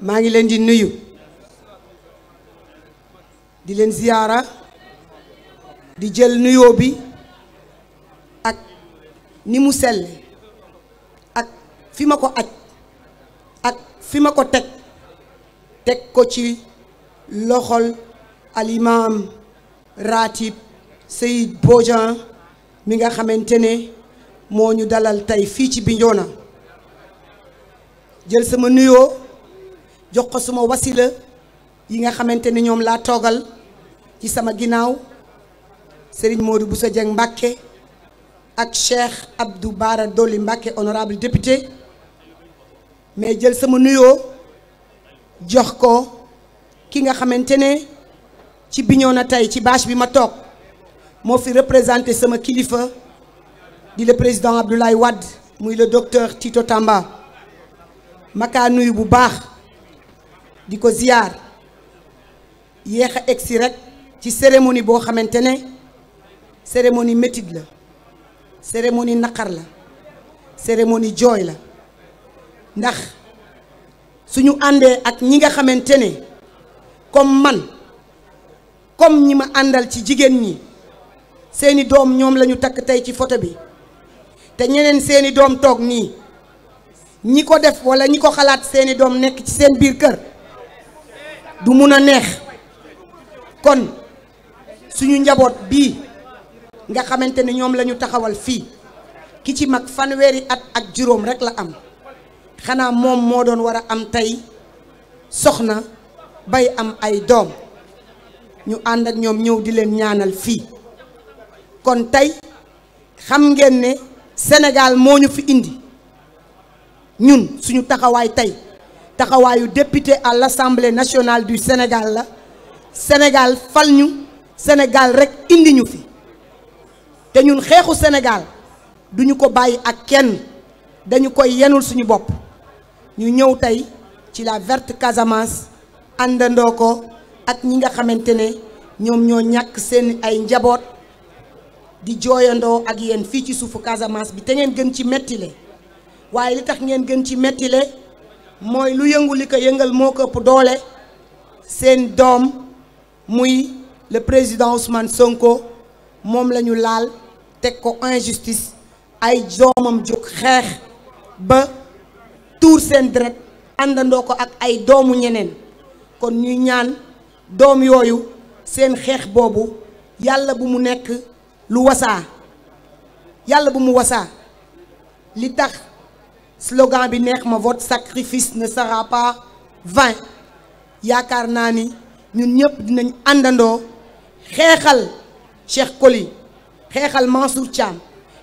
maa ngi leen di nuyu di leen ziyaara di jël nuyoo bi ak ni mu sell ak fi ma ko aj ak fi ma ko teg teg ko ci loxol alimaam raatib Seyid Bodian mi nga xamante ne moo ñu dalal tey fii ci Bignona jël sama nuyoo jox ko suma wasila yi nga xamante ne ñoom laa toogal ci sama ginnaaw Serigne bu Bousso jeg Mbacké ak Cheikh Abdou Bara Dolly Mbacké honorable député mais jël sama nuyoo jox ko ki nga xamante ne ci na tey ci bâche bi ma toog moo fi représenté sama kilifa di le président Abdoulaye Wade muy la docteur Tito Tamba makaa nuyu bu baax di ko ziyaar yéex a egsi rek ci cérémonie boo xamante ne cérémonie métit la cérémonie naqar la cérémonie jooy la ndax suñu àndee ak ñi nga xamante ne comme man comme ñi ma àndal ci jigéen ñi seeni doom ñoom lañu takk tey ci photo bi te ñeneen seeni doom toog nii ñi ko def walla ñi ko xalaat seeni doom nekk ci seen biir kër du mun a neex kon suñu njaboot bii nga xamante ne ñoom lañu taxawal fii ki ci mag fanweeri at ak juróom rek la am xanaa moom moo doon war a am tey soxna bay am ay doom ñu ànd ak ñoom ñëw di leen ñaanal fii kon tey xam ngeen ne Sénégal moo ñu fi indi ñun suñu taxawaay tey taxawaayu député à l'Assemblée nationale du Sénégal la Sénégal fal ñu Sénégal rek indi ñu fi te ñun xeexu Sénégal duñu ko bàyyi ak kenn dañu koy yenul suñu bopp ñu ñëw tey ci la verte Casamance àndandoo ko ak ñi nga xamante ne ñoom ñoo ñàkk seen ay njaboot di jooyandoo ak yéen fii ci suufu Casamance bi te ngeen gën ci mettile waaye li tax ngeen gën ci mettile mooy lu yëngu li ko yëngal moo ko ëpp doole seen doom muy le président Ousmane Sonko moom la ñu laal teg ko injustice ay doomam jóg xeex ba tuur seen deret àndandoo ko ak ay doomu ñeneen kon ñuy ñaan doom yooyu seen xeex boobu yàlla bu mu nekk lu wasaa yàlla bu mu wasaa li tax slogan bi neex ma votre sacrifice na sera pas vain yaakaar naa ni ñun ñëpp dinañ àndandoo xeexal Cheikh Coly xeexal Mansour Thiam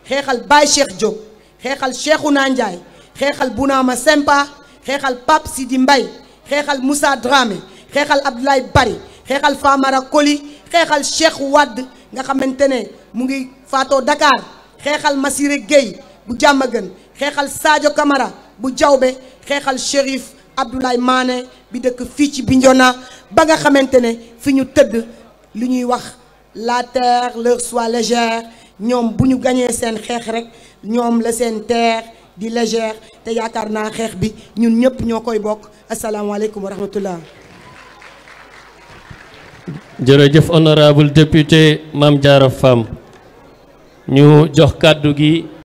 xeexal Baye Cheikh Diop xeexal Cheikhouna Ndiaye xeexal Bounama Sempa xeexal Pape Sidi mbay xeexal Moussa Dramé xeexal Abdoulaye Bari xeexal Famara Coly xeexal Cheikh Wade nga xamante ne mu ngi faatoo Dakar xeexal Massiré Gueye bu jàmm gën xeexal Sadio kamara bu jawbe xeexal Chérif Abdoulaye Mané bi dëkk fii ci Bignona ba nga xamante ne fi ñu tëdd li ñuy wax la terre leur soit légère ñoom bu ñu gañee seen xeex rek ñoom la seen terre di légère te yaakaar na xeex bi ñun ñëpp ñoo koy bokk asalaamaaleykum wa rahmatullah jërëjëf honorable député Mame Diarra Fam ñu jox kàddu gi